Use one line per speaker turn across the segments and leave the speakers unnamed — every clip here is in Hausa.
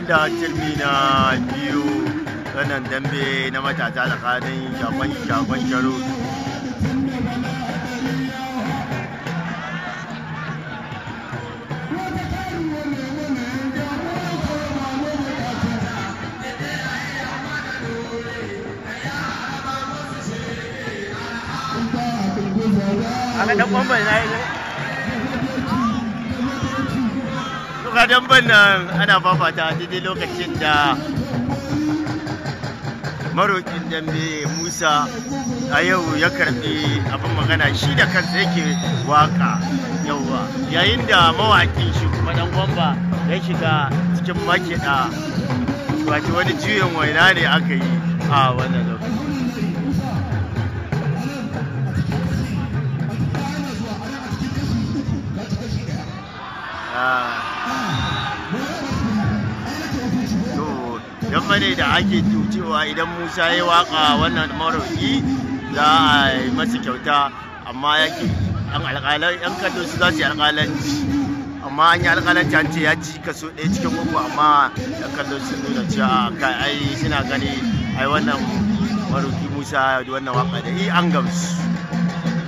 wanda am na biyu wannan dambe na matasa tsakanin shagon sharo ga damban nan ana fafata daidai lokacin da marokin dambe musa a yau ya karbi abin magana shi da kansa yake waka yauwa yayin da mawakin shi kuma dan gwamba ya shiga cikin makiɗa wato wani juyin waina ne aka yi a wannan lokacin Ah. ne da ake cewa idan musa ya waka wannan marauki za a yi masa kyauta amma yake an alƙalan yan kallo su za su yi alƙalanci amma an yi alƙalanci ta ce ya ci kaso ɗaya cikin uku amma yan kallo sun nuna cewa kai ai suna gani ai wannan marauki musa da wannan waka da yi an gamsu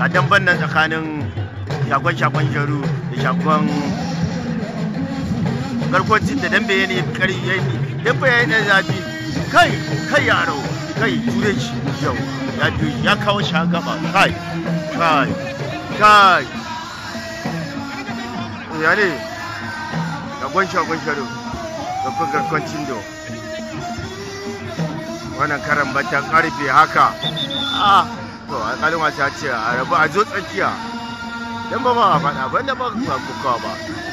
ga damban nan tsakanin shakon shakon jaru da shakon garkwancin da dambe ya ne kari ya yi dambe ya yi na zafi kai kai yaro kai ture shi yau ya biyu ya kawo shi gaba kai kai kai ya ne da gwanci a do da fi garkwancin da wannan karan batan karfe haka a ah, to a kalma ta ce a rabu a zo tsakiya dan ba ba faɗa ban da ba kuka ba